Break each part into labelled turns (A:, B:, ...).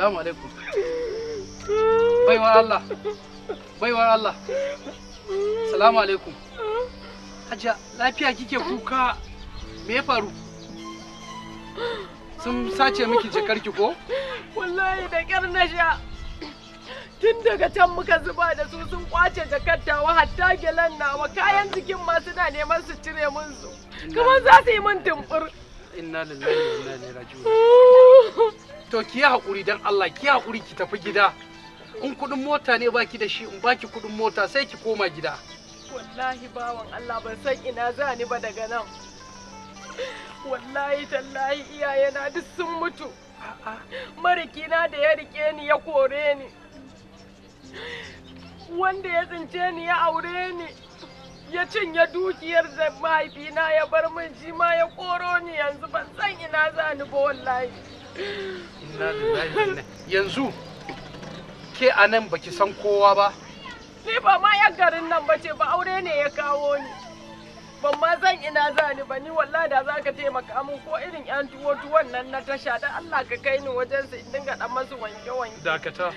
A: Assalamu alaikum. Baiwar Allah. Baiwar Allah. Assalamu alaikum. Hajiya, lafiya kike kuka? Me ya faru? Sun sace miki ki ko?
B: Wallahi da kyar na sha. Tun daga can muka zuba da su sun kwace wa hatta gelan nawa kayan jikin ma suna neman su cire mun su.
A: Kamar za su yi mun tumfur. Inna lillahi wa inna ilaihi raji'un. to ki yi haƙuri don Allah ki yi haƙuri ki tafi gida in kuɗin mota ne baki da shi in baki kuɗin mota sai ki koma gida
B: wallahi bawan Allah ban san ina za ni ba daga nan wallahi tallahi iyayena duk sun mutu marikina da ya rike ni ya kore ni wanda ya tsince ni ya aure ni ya cinye dukiyar da mahaifina ya bar min shi ma ya koro ni yanzu ban san ina za ni ba wallahi
A: yanzu ke a nan baki san kowa ba
B: ni ba ma yan garin nan ba ce ba aure ne ya kawo ni ban ma zan ina za ni ba ni wallahi da za ka taimaka min ko irin yan tuwo tuwon nan na tasha da Allah ka kai ni wajen su in dinga dan masu wanke wanke dakata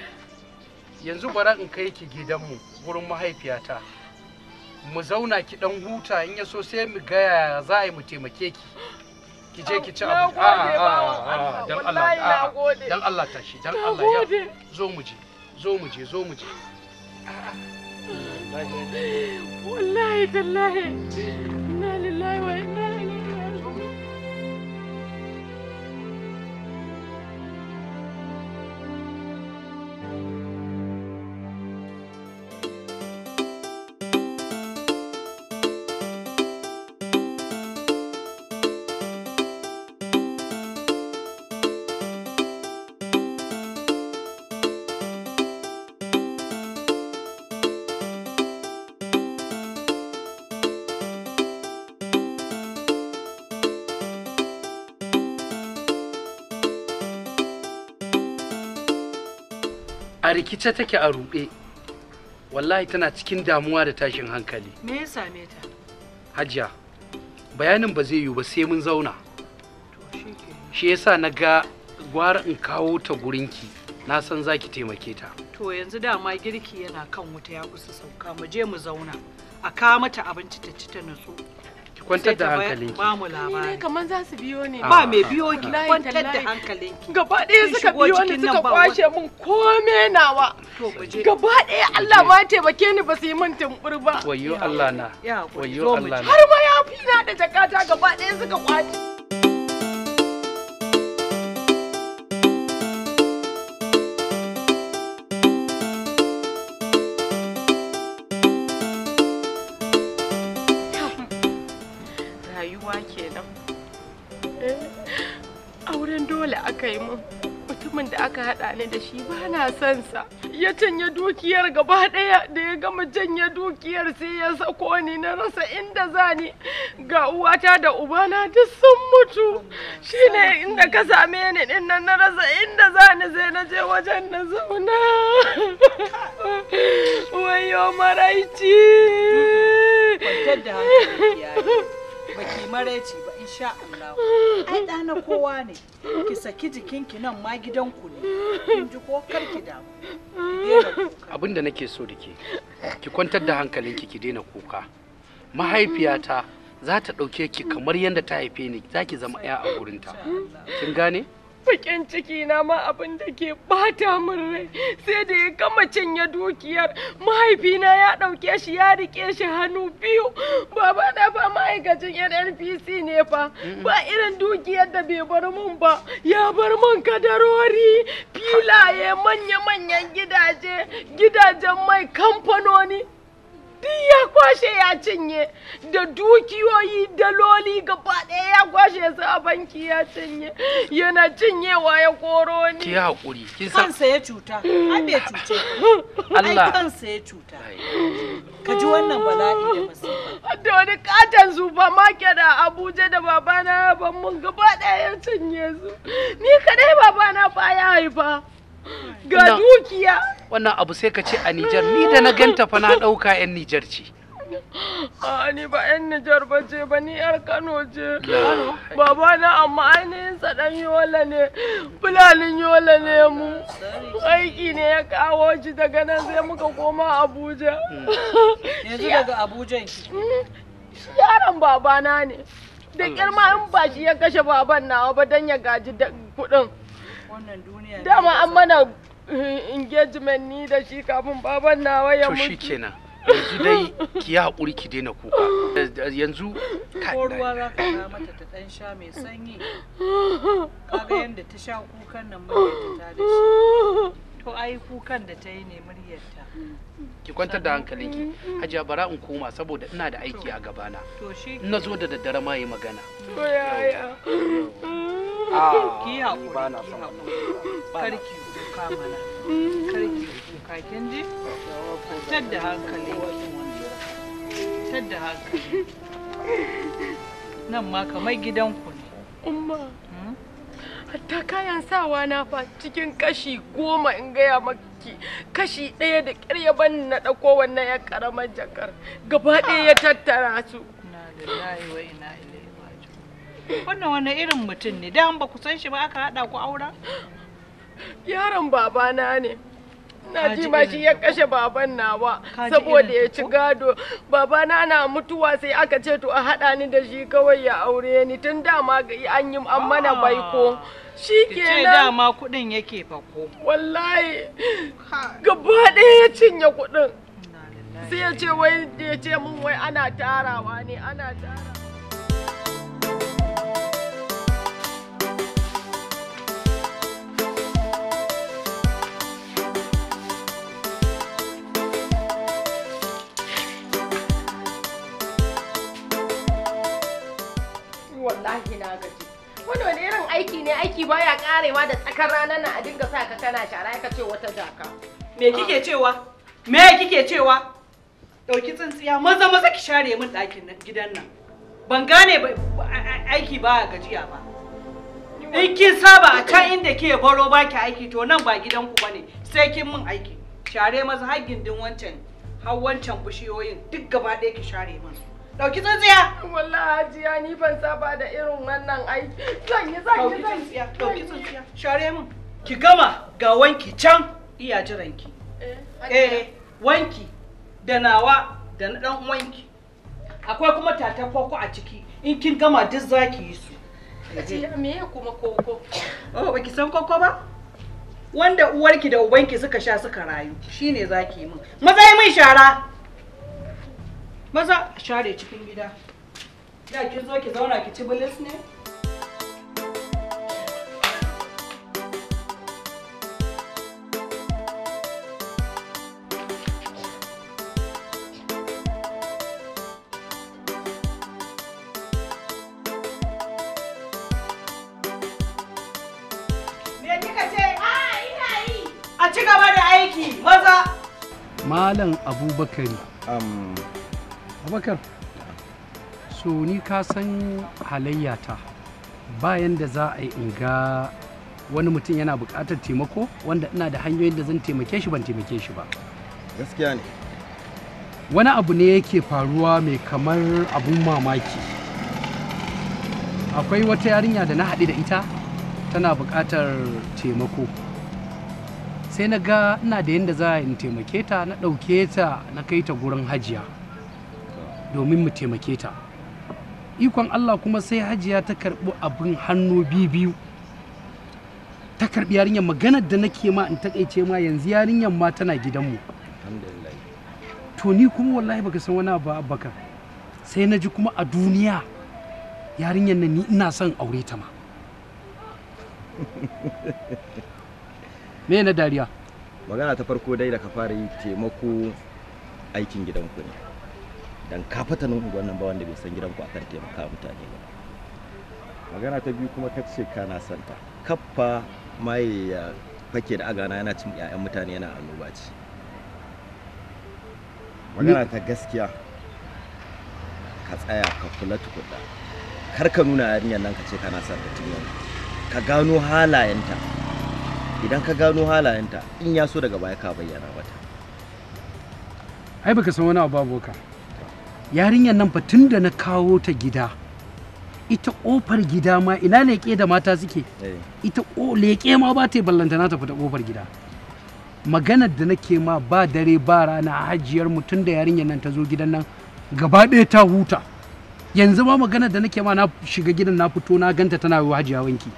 A: yanzu bara in kai ki gidanmu wurin mahaifiyata mu zauna ki dan huta in ya so sai mu ga za a yi mu taimake ki ki je ki ci abu a a a dan Allah ah, dan Allah tashi dan Allah ya zo mu je zo mu je zo mu je ah. wallahi tallahi inna lillahi wa inna a rikice take a ruɗe wallahi tana cikin damuwa da tashin hankali
C: me ya same ta
A: hajiya bayanin ba zai yiwu ba sai mun zauna shi yasa na ga gwara in kawo ta gurinki na san za ki taimake ta
C: to yanzu dama girki yana kan wuta ya kusa sauka mu je mu zauna a kawo mata abinci ta ci ta nutsu
A: kwantar da hankalinki
C: ba mu labari
B: kaman za su biyo ne ba mai ah. biyo ki kwantar da hankalinki gaba ɗaya suka biyo ni suka kwashe min kome nawa gaba ɗaya Allah ma taimake ni ba su yi min tumbur ba wayo
A: Allah na wayo Allah na har
B: ma yafi na da jakata
C: gaba ɗaya suka kwashe
B: ni da shi ba na son sa ya canya dukiyar gaba ɗaya da ya gama janye dukiyar sai ya sako ni na rasa inda za ga uwata da ubana duk sun mutu shine inda ka same ni din nan na rasa inda za ni sai na je wajen na zauna wayo maraici
C: baki ci ba insha Allah ai da na kowa ne ki saki jikinki nan ma gidanku ne kin ji ko kar ki
A: damu abinda nake so da ki kwantar da hankalinki ki daina kuka mahaifiyata za ta ɗauke ki kamar yadda ta haife ni zaki zama 'ya a gurin ta. kin gane bakin ciki na
B: ma abin da ke bata min rai sai da ya gama cinye dukiyar mahaifina ya ɗauke shi ya riƙe shi hannu biyu baba na fa ma'aikacin NNPC ne fa ba irin dukiyar da bai bar mun ba ya bar mun kadarori filaye manya-manyan gidaje gidajen mai kamfanoni kwashe ya cinye da dukiyoyi loli gaba ɗaya ya kwashe su a banki ya cinye yana cinyewa ya koro
A: ni ki hakuri kin san kansa
B: ya cuta a bai cuce Allah ai kansa ya cuta
A: ka ji wannan bala'i
C: da masifa
B: da wani katon supermarket a Abuja da babana ya ban mun gaba ɗaya ya cinye su ni kadai babana ba ya haifa ga dukiya
A: wannan abu sai ka ce a Nijar ni da na ganta fa na dauka 'yan Nijar ce
B: ni ba yan Nijar ba ce ba ni yar Kano ce. Baba na amma ainihin sa dan Yola ne. Fulanin Yola ne mu. Aiki ne ya kawo shi daga nan sai muka koma Abuja. Hmm. Yanzu daga Abuja hmm. Yaron babana ne. Da girma in ba shi ya kashe baban nawa ba dan ya gaji kuɗin.
C: Wannan duniya. Dama an
B: mana engagement ni da shi kafin baban nawa ya mutu.
A: To yanzu dai ki yi haƙuri ki daina kuka yanzu
C: ko ruwa za ka ga mata ta ɗan sha mai sanyi kaga yadda ta sha kukan nan muryarta ta da shi to ai kukan da ta yi ne muryarta
A: ki kwantar da hankalinki hajiya bara in koma saboda ina da aiki a gabana na zo da daddare ma yi magana to yaya ki haƙuri ki haƙuri karki kuka mana
C: karki ɗauka kin ji? Tar da hankali. Tar da hankali. Nan ma kamar gidanku ne.
B: Umma. Hmm? Hatta kayan sawa na fa cikin kashi goma in gaya maki kashi ɗaya da ƙyar ya ban na ɗauko wannan
C: ya ƙaramar jakar gaba ɗaya ya tattara su. Na lillahi wa ina ilaihi Wannan wani irin mutum ne da ba ku san shi ba aka haɗa ku aura?
B: Yaron babana ne.
C: na ji ma shi ya kashe
B: baban nawa saboda ya ci gado babana na mutuwa sai aka ce to a haɗa ni da shi kawai ya aure ni tun dama an yi an ah. mana baiko shi ke ce dama
C: kuɗin yake ko
B: wallahi gaba ɗaya ya cinye kuɗin sai ya ce wai ya ce mun wai ana tarawa ne ana tarawa
D: wallahi na gaji aiki ne aiki baya karewa da tsakar ranar na
C: a dinga sa ka kana shara ka ce wata jaka me kike cewa me kike cewa dauki tsintsiya maza maza ki share min ɗakin nan gidan nan ban gane aiki baya gajiya ba in kin saba a can inda ke baro baki aiki to nan ba gidan ku bane sai kin min aiki share maza har gindin wancan har wancan bishiyoyin duk gaba ɗaya ki share min Dauki tsotsiya
B: Wallahi hajiya ni ban saba da irin wannan aiki. Zan yi zan yi zan yi. Dauki tsotsiya Share mu
C: Ki gama ga wanki can iya jiranki.
B: Eh. eh
C: wanki da nawa da na dan wanki. Akwai kuma tata koko a ciki. In kin gama duk zaki yi su. Hajiya me kuma koko? Oh baki san koko ba? Wanda uwarki da ubanki suka sha suka rayu shine zaki yi min. Maza yi min shara. maza a share cikin gida da ki zo ki zauna ki ci bilis ne A da aiki. Maza.
A: Malam Abubakari. Um, abakar so ni ka san halayyata bayan da za a yi in wani mutum yana buƙatar taimako wanda ina da hanyoyin da zan taimake shi ban taimake shi ba gaskiya ne wani abu ne yake faruwa mai kamar abun mamaki akwai wata yarinya da na haɗe da ita tana buƙatar taimako sai na ga ina da yadda za a in taimake ta na ɗauke ta na kai ta gurin hajiya domin mu taimake ta ikon Allah kuma sai hajiya ta karɓi abin hannu biyu ta karɓi yarinyar maganar da nake ma in takaice ma yanzu yarinyar ma tana gidanmu to ni kuma wallahi baka san wani abu abubakar sai na ji kuma a duniya yarinyar nan ni ina son aure ta ma me na dariya
E: magana ta farko dai da ka fara yi taimako aikin gidanku ne dan kafata nan unguwan ba wanda bai san gidanku kan taimaka mutane ba magana ta biyu kuma ka ce kana santa kaffa mai fake da agana yana cin ƴaƴan mutane yana annoba ce magana ta gaskiya ka tsaya ka kula tukuda kar ka nuna yarinyar nan ka ce kana santa ta tun ka gano halayenta idan ka gano halayenta in ya so daga baya ka bayyana mata ai
A: baka san wani abu ka. yarinyar nan tun da na kawo ta gida ita kofar gida ma ina leƙe da mata suke eh. ita leƙe ma ba ta ballanta na ta fita kofar gida maganar da nake ma ba dare ba rana hajiyar mutum da yarinyar nan ta zo gidan nan gaba ɗaya ta huta yanzu ma maganar da nake ma na shiga gidan na fito na ganta tana yi hajiya wanki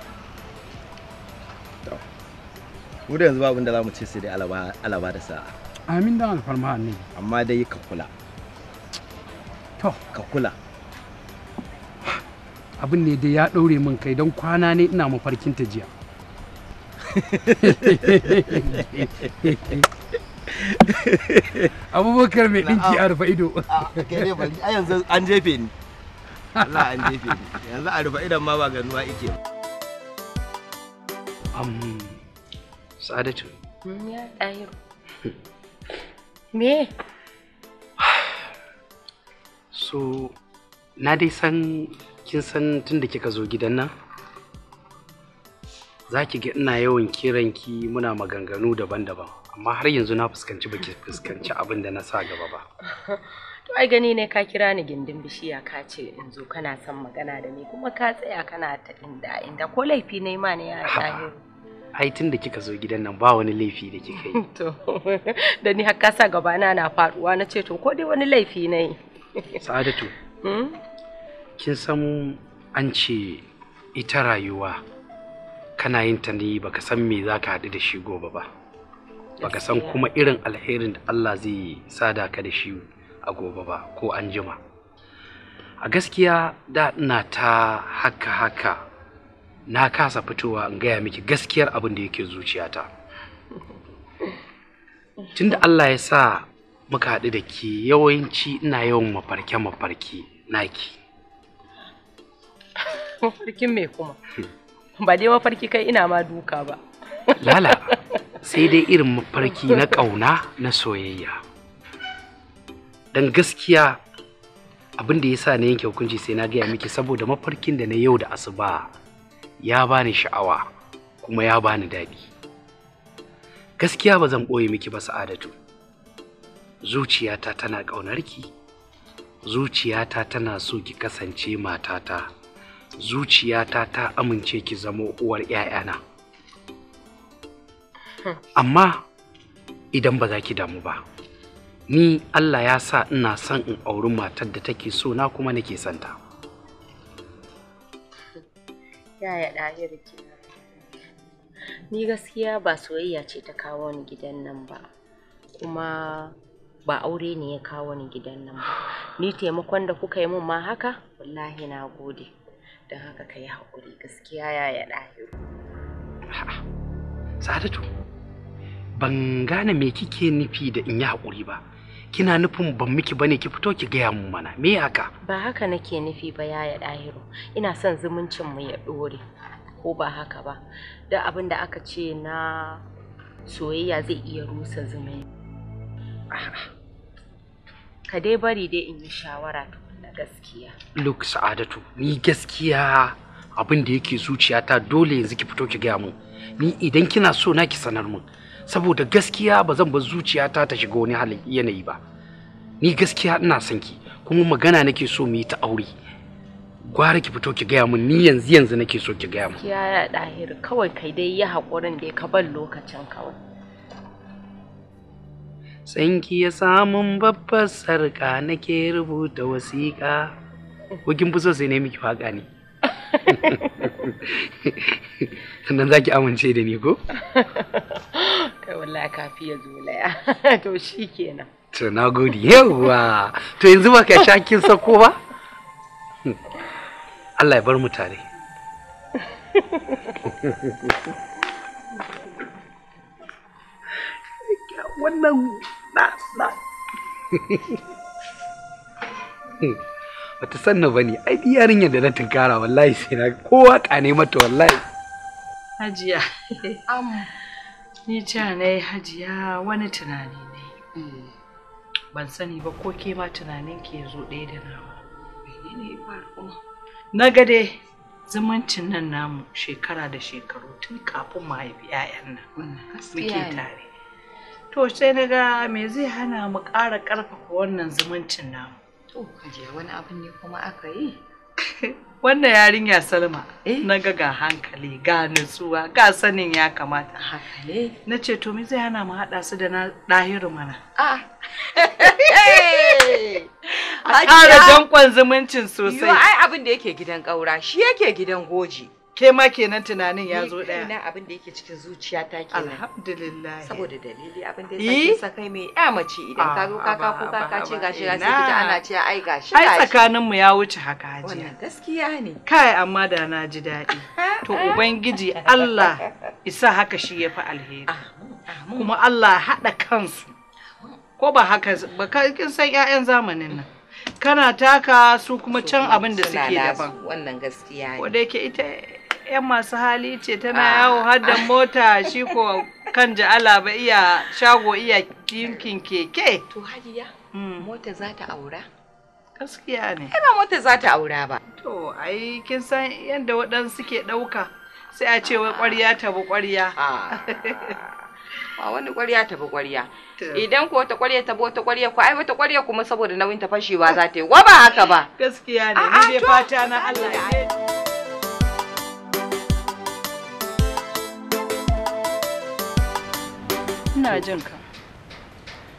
E: mu da yanzu abin da za mu ce sai dai alaba da sa'a
A: amin da alfarma ne amma dai ka kula to ka kula abin ne dai ya ɗaure min kai don kwana ne ina mafarkin ta jiya
E: abubakar mai ɗinki a rufe ido a ah, yanzu an jefe ni Allah an jefe ni yanzu a rufe idan ma ba ganuwa ike
A: um, sa'adatu
D: ya ɗayo me
A: so na dai san kin san tunda kika zo gidan nan za ki ga ina yawan kiran ki muna maganganu daban-daban amma har yanzu na fuskanci baki fuskanci abin da na sa gaba ba
D: to ai gani ne ka kira ni gindin bishiya ka ce in zo kana son magana da ni kuma ka tsaya kana ta inda inda ko laifi ne ma ne ya zahiru
A: ai tun da kika zo gidan nan ba wani laifi da kika yi
D: to da ni har ka sa gaba na na faduwa na ce to ko dai wani laifi ne
A: Sa'adatu. Hmm? Kin san an ce ita rayuwa kana yin ta ne baka san me za ka haɗu da shi gobe ba. Baka san kuma irin alherin da Allah zai sada ka da shi a gobe ba ko an jima. A gaskiya da ina ta haka haka na kasa fitowa in gaya miki gaskiyar abin da yake zuciyata. Tunda Allah ya sa muka haɗu da ke yawanci ina yawan mafarke mafarki naki.
D: Mafarkin me kuma? Ba dai mafarki kai ina ma duka ba.
A: Lala, sai dai irin mafarki na ƙauna na soyayya. Don gaskiya abin da ya sa na yanke hukunci sai na gaya miki saboda mafarkin da na yau da asuba ya bani sha'awa kuma ya bani daɗi. Gaskiya ba zan ɓoye miki ba sa'adatu. zuciyata tana ƙaunarki zuciyata tana so ki kasance matata zuciyata ta amince ki zamo uwar 'ya'yana amma idan ba za ki damu ba ni allah ya sa ina son in auri matar da take so na kuma nake santa
D: yaya ɗahir ni gaskiya ba soyayya ce ta kawo ni gidan nan ba kuma ba aure ne ya kawo ni gidan nan ba ni taimakon da kuka yi min ma haka wallahi na gode don haka ka yi haƙuri gaskiya ya ya ɗahiru
A: sadatu ban gane me kike nufi da in yi haƙuri ba kina nufin ban miki bane ki fito ki gaya mun mana me haka
D: ba haka nake nufi ba ya ya ɗahiru ina son zumuncin mu ya ɗore ko ba haka ba da abin da aka ce na soyayya zai iya rusa zumunci ka dai bari dai in yi shawara tukunna gaskiya
A: look sa'adatu ni gaskiya abin da yake zuciyata dole yanzu ki fito ki gaya mun ni idan kina so na ki sanar mun saboda gaskiya ba zan bar zuciyata ta shiga wani halin yanayi ba ni gaskiya ina son ki kuma magana nake so mu yi ta aure gwara ki fito ki gaya mun ni yanzu yanzu nake so ki gaya mun
D: ya dahir kawai kai dai yi hakurin da ka bar
A: lokacin kawai sanki ya samun babbar sarka nake rubuta wasiƙa ko kin fi so sai ne miki faƙa ne sannan za ki amince da ni ko?
D: kai wallahi kafi ya zo laya to shi kenan
A: to na gode yawa to yanzu ba ka shakin sako ba Allah ya bar mu tare wannan na na wata sanna bane ai bi yarinyar da na tunkara wallahi sai na kowa kane mata wallahi
C: hajiya am ni ta ne hajiya wani tunani ne mm. ban sani ba ko ke ma tunanin ke zo ɗaya da nawa ba na ga dai zumuncin nan namu shekara da shekaru tun kafin mu haifi 'ya'yan
E: nan muke tare
C: to sai na ga me zai hana mu ƙara ƙarfafa wannan zumuncin namu to kaje wani abu ne kuma aka yi wannan yarinya salma eh? na ga ga hankali ga nutsuwa ga sanin ya kamata hankali na ce to me zai hana mu haɗa su da na ɗahiru mana ah. a ƙara dankon zumuncin sosai ai
F: abin da yake gidan ƙaura shi yake gidan goji ke ma kenan tunanin ya zo daya ina abin da yake cikin zuciya ta kenan alhamdulillah saboda dalili abin da yake eh? sa kai mai ya mace idan ka zo kaka ko kaka ce gashi ya sai ta ana ce ai gashi ai tsakanin
C: mu ya wuce haka hajiya wannan
F: gaskiya ne
C: kai amma da na ji daɗi to ubangiji Allah isa haka shi ya fi alheri kuma Allah haɗa kansu ko ba haka ba ka kin san ƴaƴan zamanin nan kana taka su kuma can abin da suke daban wannan gaskiya ne ko da yake ita 'yan masu hali ce tana ah. yawo haddan mota shi ko kan ja'ala ba iya shago iya kinkin keke. To hajiya, hmm. mota za ta aura? Gaskiya ne. ba mota za ta aura ba. To, ai kin san yadda waɗansu suke ɗauka sai a ce wai ah. ƙwarya ta bu ƙwarya. Ah.
F: Ba wani ƙwarya ta bu ƙwarya. Idan ko ta ƙwarya ta bu wata ƙwarya ko ai wata ƙwarya kuma saboda nauyin ta fashewa za ta yi. Wa ba haka ba.
C: Gaskiya ne, ni dai fata na Allah ya
A: ina jin ka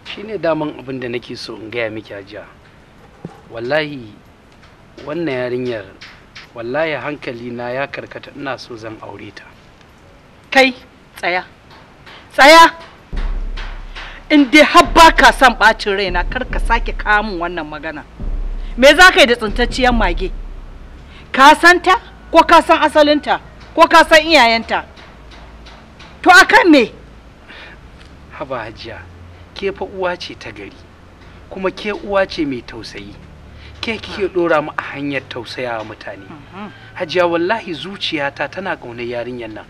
A: shine daman abin da nake so in gaya miki hajiya wallahi wannan yarinyar wallahi hankali na ya karkata ina so zan aure ta
C: kai tsaya tsaya in dai har ba ka son ɓacin raina kar ka sake kawo min wannan magana me za ka yi da tsintacciyar mage ka san ta ko ka san asalinta ko ka san iyayenta to akan
A: me haba hajiya ke fa uwa ce ta gari kuma ke uwa ce mai tausayi ke kike dora ah. mu a hanyar tausaya wa mutane mhm. hajiya wallahi zuciyata tana ƙaunar yarinyar nan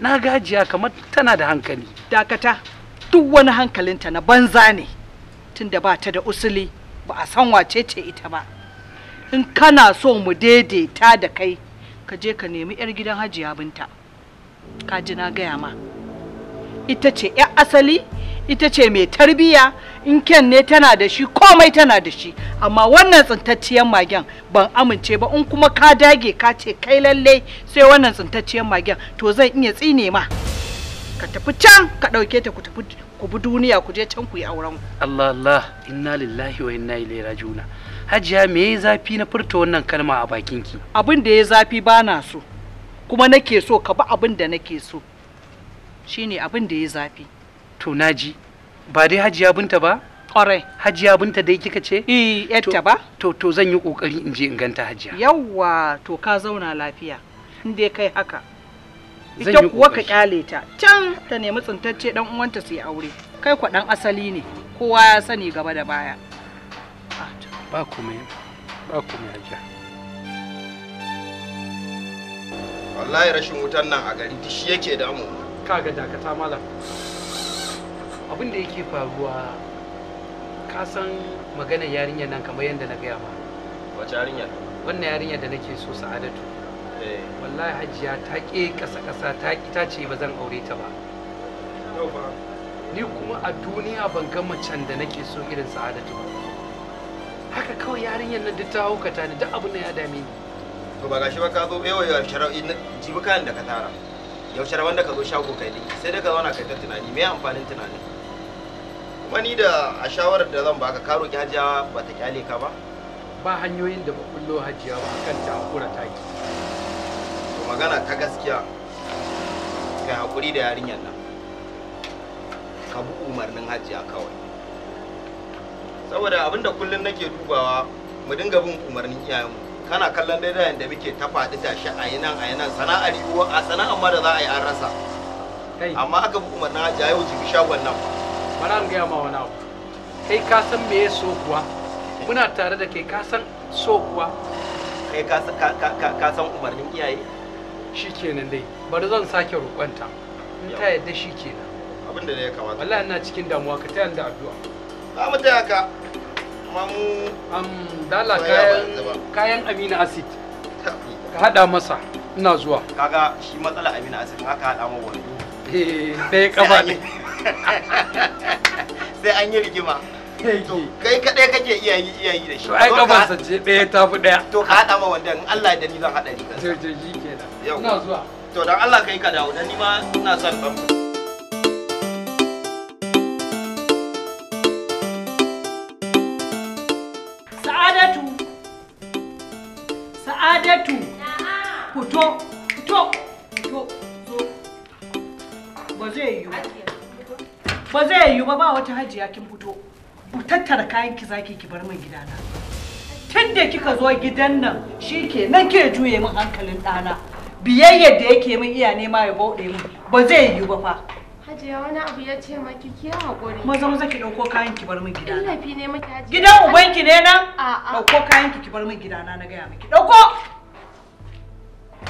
A: na gajiya kamar tana da hankali dakata duk wani hankalinta na banza ne tunda ba ta da
C: usuli ba a san wace ce ita ba in kana so mu daidaita da kai ka je ka nemi 'yar gidan hajiya binta ka ji na gaya ma ita ce 'yan asali ita ce mai tarbiya in ken ne tana da shi komai tana da shi amma wannan tsintacciyar magen ban amince ba in kuma ka dage ka ce kai lalle sai wannan tsintacciyar magen to zan iya tsine ma ka tafi can ka ɗauke ta ku tafi ku bi duniya ku je can ku yi auren
A: Allah Allah inna lillahi wa inna ilaihi rajiuna hajiya me ya zafi na furta wannan kalma a bakinki abin da ya zafi bana so kuma nake so ka bi abin da nake so shine abin da ya zafi to naji ba dai hajiya binta ba kwarai hajiya binta dai kika ce eh yatta ba to to zan yi kokari in je in ganta hajiya yawwa to
C: ka zauna lafiya in dai kai haka
A: ita kuwa ka
C: kyale ta can ta nemi tsintacce dan uwanta su yi aure kai kwa dan asali ne kowa ya sani gaba da baya
A: ba komai ba komai hajiya
E: wallahi rashin wutan nan a gari shi yake damu kaga dakata
A: malam abin da yake faruwa ka san maganar yarinyar nan kamar yadda na gaya ma wace yarinyar wannan yarinyar da nake so sa'adatu eh. wallahi hajiya ta ke kasa kasa ta ki ta ce ba zan aure ta ba ni kuma a duniya ban ga macen da nake so irin sa'adatu ba haka kawai yarinyar nan duk ta haukata ni duk abin da ya dame ni to ba
E: gashi ba ka zo bewa eh, shar'i jibi kayan da ka tara yaushe rabon da ka zo shago kai ne sai da ka zauna kai ta tunani me amfanin tunani. kuma ni da a shawarar da zan baka karo ki hajiya ba ta kyale ka ba ba hanyoyin da ba kullo hajiya ba kan ta hakura yi to magana ta gaskiya kai hakuri da yarinyar nan ka bi umarnin hajiya kawai saboda abinda kullun nake dubawa mu dinga bin umarnin iyayenmu kana kallon da yadda da muke ta faɗi shi a yi nan a yi nan sana'ar yiwuwa a sana'ar ma da za a yi an rasa amma aka fi umarnin hajji a yau jibi shagon nan ba bara gaya ma wani abu kai ka san me ya so
A: kuwa muna tare da kai ka san so kuwa kai ka san umarnin iyaye shi kenan dai bari zan sake roƙonta in ta yadda shi kenan Abinda da ya kamata wallahi ina cikin damuwa ka ta da addu'a za mu taya ka amma mu am dala kayan amina acid ka hada masa ina zuwa
E: kaga shi matsala amina acid ka hada mu wando eh
A: sai kafa ne
E: sai an yi rigima kai kadai kake iya yi iya yi da shi to ai kafa
A: sa ce daya tafi daya
E: to ka hada ma wanda in Allah ya dani zan hada ni
A: kansa to to kenan
E: ina zuwa to dan Allah kai ka dawo dan ni ma ina son ɗan
C: Saudatu. Fito, yiwu. Ba yiwu ba ba wata hajiya kin fito. Ku tattara kayan ki zaki ki bar min gidana. tunda kika zo gidan nan shi ke nan ke juye min hankalin ɗana. da yake min iya nema ya bauɗe min ba zai yiwu ba fa.
D: Hajiya wani abu ya ce ma ki haƙuri. Maza
C: maza ki ɗauko kayan ki bar min
D: gidana. ne hajiya. Gidan ubanki ne nan?
C: A'a. Ɗauko kayan ki ki bar min gidana na gaya miki. dauko.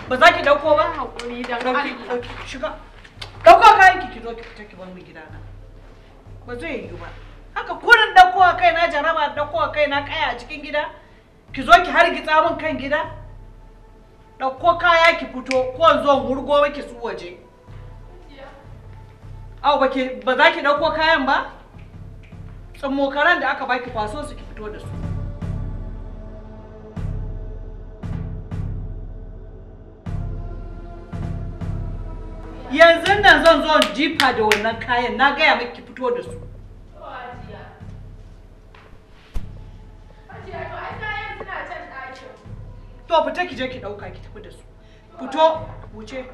C: ba za ki dauko ba hakuri da Allah shiga dauko kayan ki ki zo ki fita ki bar mu gida na ba zai yi ba haka kurin dauko a kai na jaraba dauko a kai na kaya a cikin gida ki zo ki hargitsa min kan gida dauko kaya ki fito ko zo wurgo miki su waje Au ba za ki dauko kayan ba? Tsammokaran da aka baki kwaso su ki fito da su. yanzu nan zan zo jifa da wannan kayan na gaya miki fito da su oh, to fita ki je ki ɗauka ki tafi da su fito wuce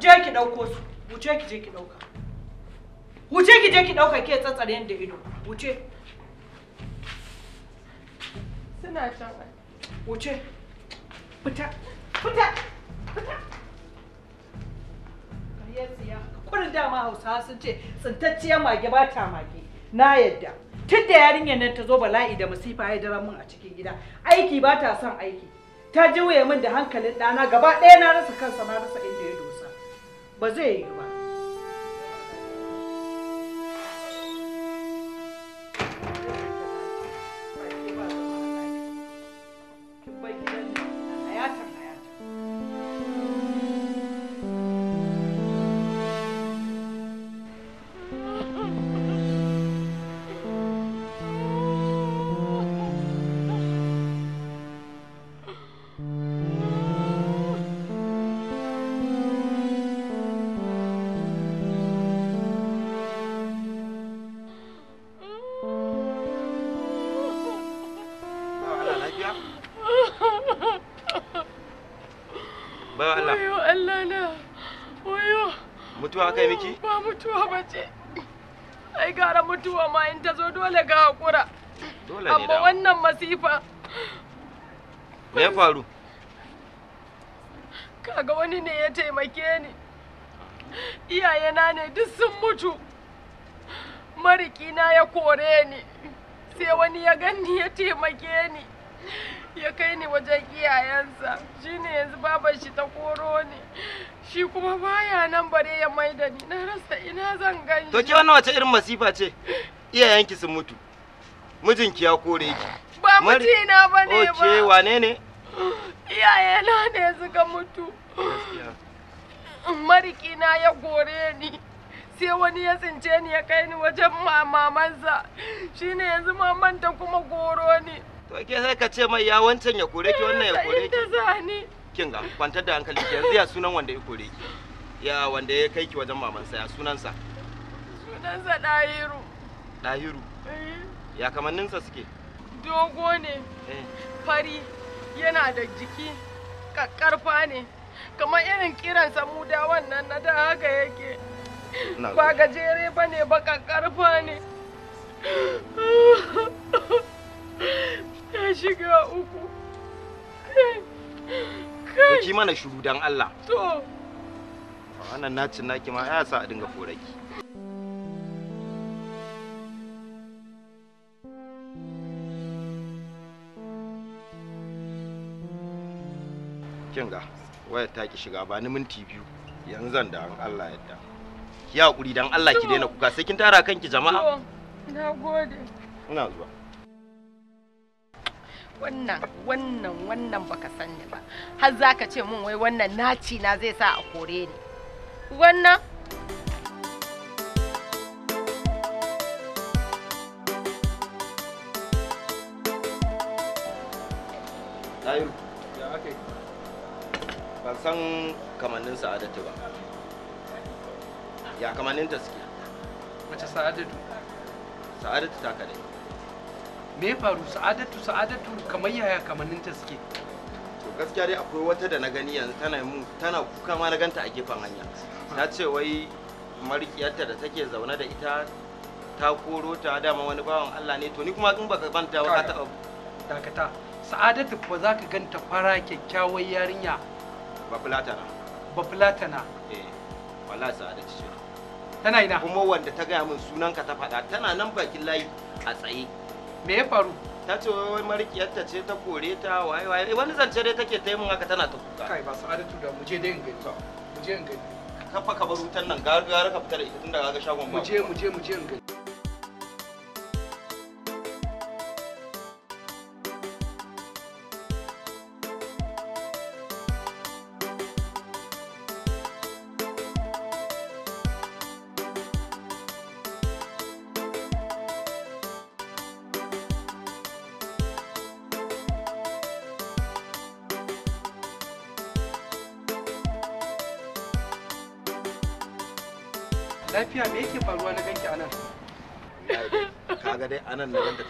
C: je ki ɗauko su wuce ki je ki ɗauka. wuce ki je ki dauka ke tsatsare da ido wuce suna can wuce fita fita fita ya siya dama hausawa sun ce tsintacciyar mage ba ta mage na yadda tun da yarinyar nan ta zo bala'i da masifa ya dara min a cikin gida aiki ba ta son aiki ta juya min da hankalin ɗana gaba ɗaya na rasa kansa na rasa inda ya dosa ba zai yi ba
E: mutuwa kai miki?
B: Ba mutuwa ba ce. Ai gara mutuwa ma in ta zo dole ga hakura.
E: Dole ne Amma wannan
B: masifa. Me ya faru? Kaga wani ne ya taimake ni. Iyayena ne duk sun mutu. Marikina ya kore ni. Sai wani ya ganni ya taimake ni. Ya kai ni wajen iyayensa. Shine yanzu babar shi ta koro ni. shi kuma baya nan bare ya mai da ni na rasa ina zan gani to ke wannan wace irin
E: masifa ce iyayenki sun mutu mijinki ya kore ki ba mijina ba ne ba ke wane ne
B: iyayena ne suka mutu marikina ya gore ni sai wani ya tsince ni ya kai ni wajen mamansa shine yanzu mamanta kuma goro ni
E: to ke sai ka ce mai ya wancan ya kore ki wannan ya kore
B: ki
E: kin ga kwantar da hankali yanzu ya sunan wanda ya kore ya wanda ya kai ki wajen sa ya sunansa
B: sunansa dahiru dahiru eh.
E: ya kamanninsa suke
B: dogo ne eh. fari yana da jiki kakkarfa ne kamar irin kiran da wannan na da haka yake ba gajere ba ne ba kakkarfa ne ya shiga uku
E: Kai. Ki mana shiru dan Allah. To. Wannan nacin naki ma ya sa a dinga koraki. kinga ga wayar ta ki shiga ba ni minti biyu yanzu zan da Allah yadda. Ki hakuri dan Allah ki daina kuka sai kin tara kanki jama'a.
B: Na gode. Ina zuwa. wannan wannan wannan baka sani
D: ba har zaka ce mun wai wannan naci na zai sa a kore ni wannan
E: Tayo, ya ake ban san kamannin sa'adatu ba ya kamanninta suke wace sa'adatu sa'adatu ta kadai me ya faru sa'adatu sa'adatu kamar yaya kamannin ta suke to gaskiya dai akwai wata da na gani yanzu tana mu tana kuka ma na ganta a gefen hanya ta ce wai marikiyarta da take zaune da ita ta koro ta dama wani bawan Allah ne to ni kuma in baka banta ba ta
A: dakata sa'adatu ba za ka ganta fara kyakkyawar yarinya
E: ba fulatana ba fulatana eh wallahi sa'adatu ce tana ina kuma wanda ta gaya min sunanka ta faɗa tana nan bakin layi a tsaye me ya faru ta ce wai marikiyarta ce ta kore ta waye waye eh, wani zance dai take ta yi mun haka tana ta kuka kai ba sa'adatu da mu je dai in gani mu je in gani ka fa ka bar wutar nan gara ka fita da ita tunda ga shagon ba mu je
A: mu je mu je in gani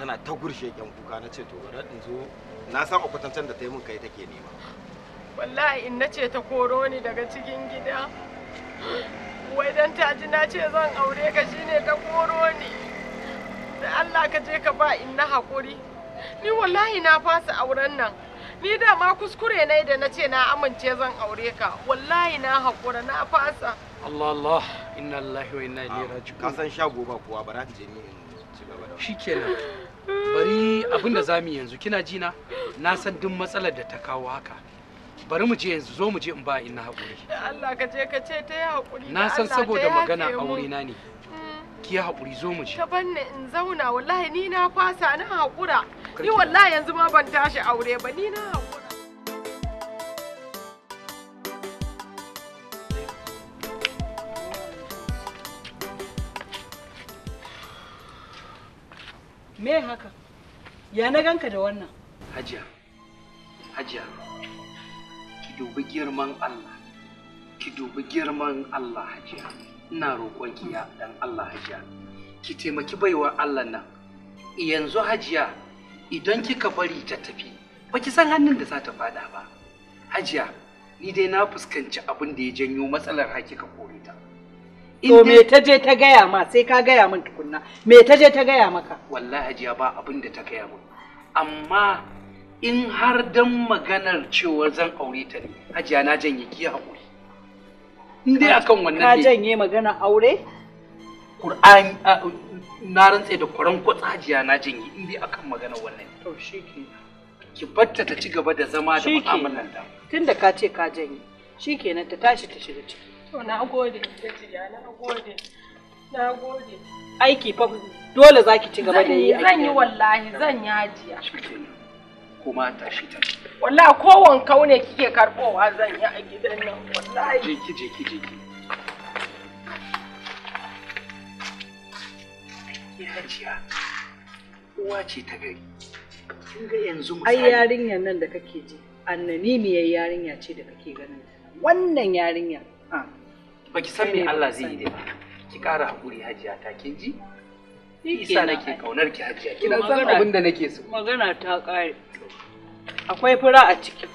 E: tana ta gurshe kyan kuka na ce to bari in zo na san akwatancen da ta yi min kai take nema
B: wallahi in na ce ta koro ni daga cikin gida wai dan ta ji na ce zan aure ka shine ta koro ni da Allah ka je ka ba in na haƙuri ni wallahi na fasa auren nan ni da ma kuskure ne da na ce na amince zan aure ka wallahi na haƙura na fasa
A: Allah Allah inna lillahi wa inna ilaihi raji'un ka san shago ba kowa bara je ni in ci gaba da shikenan bari abin da zamu yanzu kina ji na na san duk matsalar da ta kawo haka bari mu je yanzu zo mu je in ba in na haƙuri
B: Allah ka je ka ce ta yi haƙuri na san saboda magana aure na
A: ne mm. ki haƙuri zo mu je
B: ka banni in zauna wallahi ni na fasa na haƙura ni wallahi yanzu ma ban tashi aure ba ni na haƙura
C: me haka Ya na ganka da wannan?
A: Hajiya, hajiya, ki dubi girman Allah, ki dubi girman Allah hajiya. Ina roƙon ki ya dan Allah hajiya. Ki taimaki baiwa Allah nan. Yanzu hajiya idan kika bari ta tafi, ba ki san hannun da za ta fada ba. Hajiya, ni dai na fuskanci abin da ya janyo matsalar haƙiƙa kore ta. To me ta je ta gaya
C: ma sai ka gaya min tukunna. Me ta je ta gaya
A: maka? Wallahi hajiya ba abin da ta gaya min. Amma in har dan maganar cewar zan aure ta ne, hajiya na janye ki hakuri. In dai akan wannan ne. Ka janye
C: magana aure?
A: qur'an na rantse da kwaran kwatsa hajiya na janye in dai akan maganar wannan. To shikenan. Ki batta ta ci gaba da zama da mu'amalan ta.
C: Tunda ka ce ka janye. Shikenan ta tashi ta shiga ciki. na gode,
B: Hajiya, na gode. Na gode.
C: Aiki fa dole za ki ci gaba da yi Zan yi
B: wallahi, zan yi ajiya.
C: Kuma ta shi ta. Wallahi ko wankau
B: kike karbowa zan yi a gidan nan wallahi.
A: Je ki je ki je ki. Uwa ce ta gari. Ai
C: yarinya nan da kake ji, annanimiyar yarinya ce da kake ganin. Wannan yarinya. Ah.
A: baki san me Allah zai yi da ki ƙara haƙuri hajiya ta kin ji
C: isa nake kaunar ki
A: hajiya kina san abin da nake so
C: magana ta ƙare akwai fura a ciki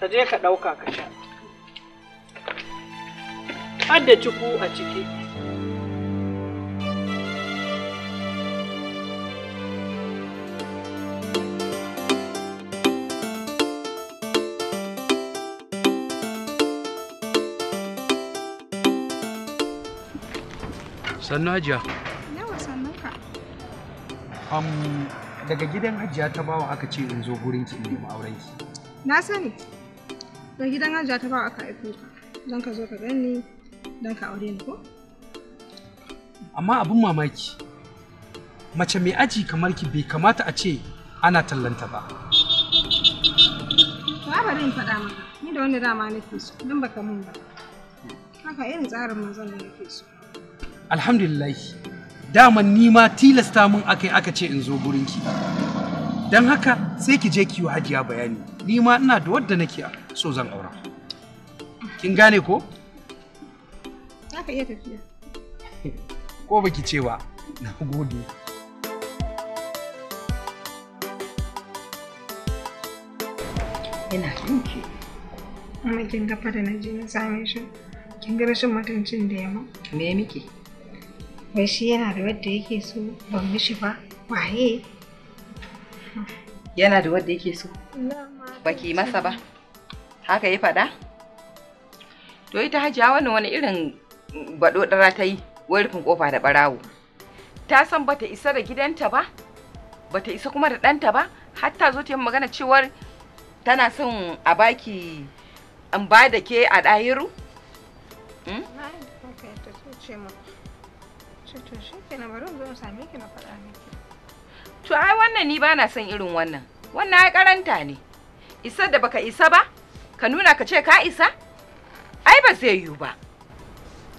C: ka je ka ɗauka ka sha har da ciku a ciki sannu hajiya yawa sannu
A: ka daga gidan hajiya ta bawa aka ce in zo gurin ki nemi auren ki
C: na sani
F: Da gidan hajiya ta bawa aka aiko ka don ka zo ka gani don ka aure ni ko
A: amma abin mamaki mace mai aji kamar ki bai kamata a ce ana tallanta ba
F: ba bari in faɗa maka ni da wani dama nake so don baka mun ba haka irin tsarin manzon da nake so
A: alhamdulillah dama ni ma tilasta min akai aka ce in zo gurinki don haka sai ki je kiwo hajiya bayani ni ma ina da wadda nake so zan aura kin gane ko
F: haka iya tafiya
A: ko baki ce ba na gode
C: yana ki. amma kin ga fara na je na same shi kin ga rashin mutuncin da yamma
E: me
F: miki
C: wai shi yana da wadda yake so ban mishi ba waye
F: yana da wadda yake so Ba ki masa ba haka ya faɗa to ita hajiya wannan wani irin baɗoɗara ta yi wai rufin ƙofa da ɓarawo ta san bata isa da gidanta ba bata isa kuma da ɗanta ba har ta zo ta yi magana cewar tana son a baki in ba da ke a ɗahiru? Hmm? to ai wannan ni bana son irin wannan wannan ai karanta ne isa da baka isa ba ka nuna ka ce ka isa ai ba zai yiwu ba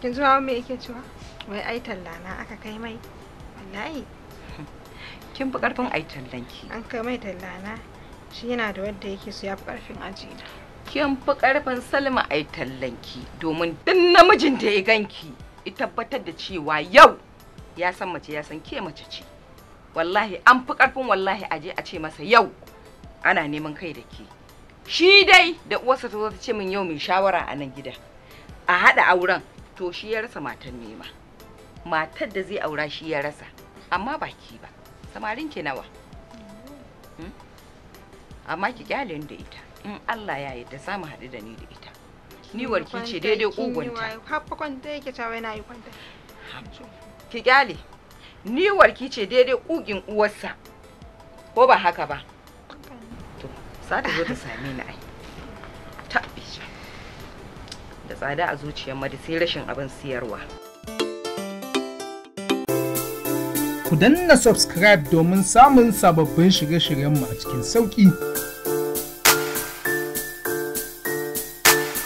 F: kin zuwa me yake cewa wai ai talla na aka kai mai wallahi kin fi karfin ai tallan ki an kai mai talla na shi yana da wanda yake so ya fi karfin aji kin fi karfin salma ai tallan ki domin din namijin da ya ganki ita tabbatar da cewa yau ya san mace ya san ke mace ce wallahi an fi karfin wallahi aje a ce masa yau ana neman kai da ke shi dai da uwarsa ta zo ta ce min yau mai shawara a nan gida a haɗa auren to shi ya rasa matan nema matar da zai aura shi ya rasa amma baki ba samarin ke nawa hmm? amma ki gyalin da ita in Allah ya yi ta mu haɗu da ni da ita ni warki ce daidai kugunta ki gyale ni warki ce daidai kugin uwarsa ko ba haka ba to za zo ta same ni ai ta da tsada a zuciyar madi sai rashin abin siyarwa
A: ku danna subscribe domin samun sababbin shirye-shiryenmu a cikin sauƙi.